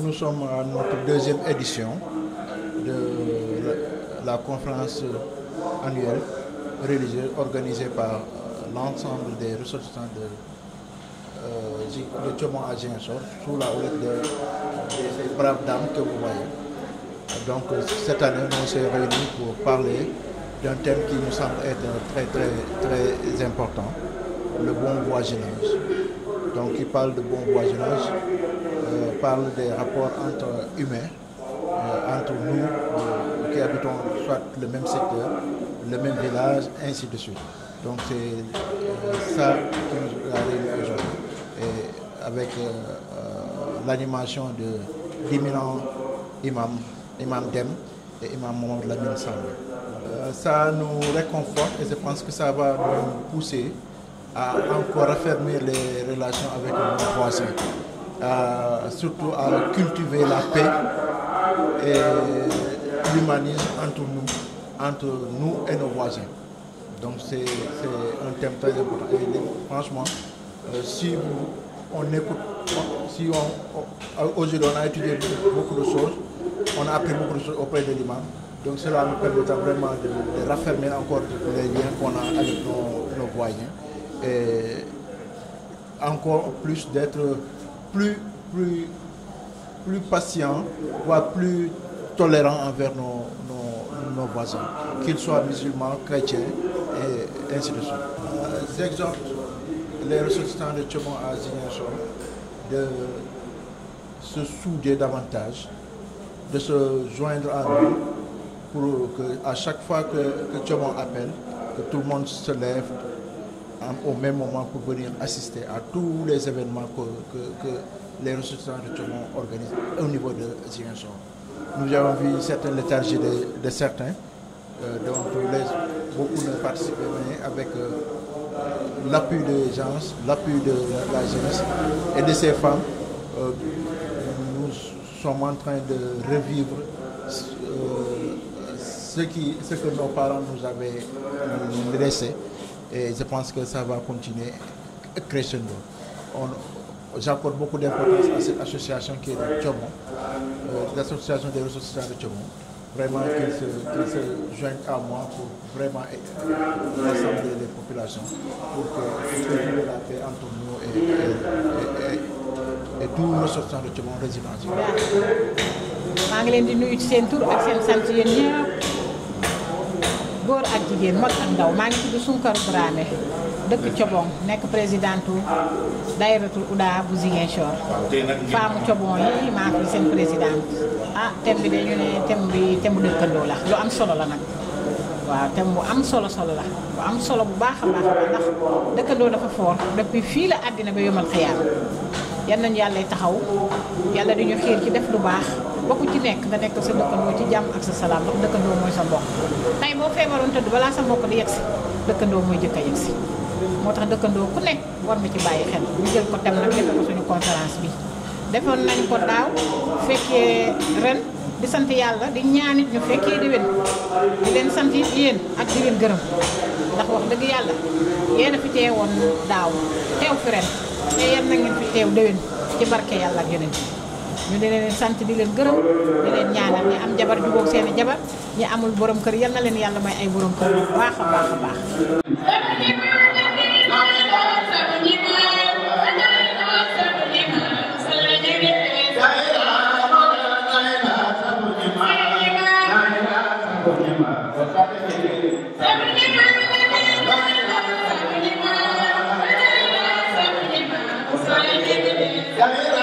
nous sommes à notre deuxième édition de la conférence annuelle religieux organisé par euh, l'ensemble des ressortissants de, euh, de sous la houlette de, ces braves dames que vous voyez. Donc euh, cette année, nous s'est réunis pour parler d'un thème qui nous semble être très très très important, le bon voisinage. Donc il parle de bon voisinage, euh, parle des rapports entre humains, euh, entre nous qui habitons soit le même secteur, le même village, ainsi de suite. Donc c'est euh, ça qui nous arrive aujourd'hui. avec euh, euh, l'animation de l'imminent imam, imam Dem et imam Mohamed Lamine ça nous réconforte et je pense que ça va nous pousser à encore affermir les relations avec nos voisins, surtout à cultiver la paix et l'humanisme entre nous entre nous et nos voisins. Donc c'est un thème très important. franchement, euh, si on écoute, si on, on a étudié beaucoup de choses, on a appris beaucoup de choses auprès des l'imam. Donc cela nous permettra vraiment de, raffermir raffermer encore les liens qu'on a avec nos, nos, voisins. Et encore plus d'être plus, plus, plus patient, voire plus tolérant envers nos nos voisins, qu'ils soient musulmans, chrétiens, et ainsi de suite. Euh, les ressortissants de Tchomon à Zignachon de se souder davantage, de se joindre à nous, pour que à chaque fois que, que appelle, que tout le monde se lève au même moment pour venir assister à tous les événements que, les ressortissants de Tchomon organisent au niveau de Zignachon. Nous avons vu certaines léthargies de, de certains. Euh, donc beaucoup ne participaient avec euh, l'appui des gens, l'appui de la, jeunesse et de ces femmes. Euh, nous sommes en train de revivre ce, qui, ce que nos parents nous avaient laissé. Et je pense que ça va continuer crescendo. On, j'accorde beaucoup d'importance à cette association qui est de Tchomon, euh, l'association des ressources de Tchomon. Vraiment qu'ils se, joignent à moi pour vraiment rassembler les populations pour que, la paix entre nous et, tous les ressources de Tchomon résidents. dëkk Cobon nekk présidente dayratul Uda bu chor faamu Cobon yi ma ngi sen président ah thème bi ñu né thème bi thème bu dëkkandoo la lu am solo la nak waaw thème bu am solo solo la bu am solo bu baax a baax ndax dëkkandoo dafa for depuis fi la adina ba yomal xiyaam yan nañu yalla taxaw yàlla dañu xir ci def lu baax ba ci nek nga nek sa dëkkandoo ci jam ak sa salam ndax dëkkandoo moy sa bokk tay bo feebaroon tëdd bala sa bokk di yegsi dëkkandoo mooy jëkk a yegsi motax tax ku nekk war na ci bàyyi xel ñu jël ko dem nag defee ko suñu conférence bi defoon nañ ko daaw fekkee ren di sant yàlla di ñaanit ñu fekkee déwén di leen sant it yéen ak di leen gërëm ndax wax dëgg yàlla yéen a fi teewoon daaw teew fi ren te yéen na ngeen fi teew déwén ci barke yàlla ak yeneen ñu di leen sant di leen gërëm di leen ñaanal ñi am jabar jubóog seen jabar ñi amul borom kër yal na leen yàlla may ay borom kër bu baax a baax a baax Thank you.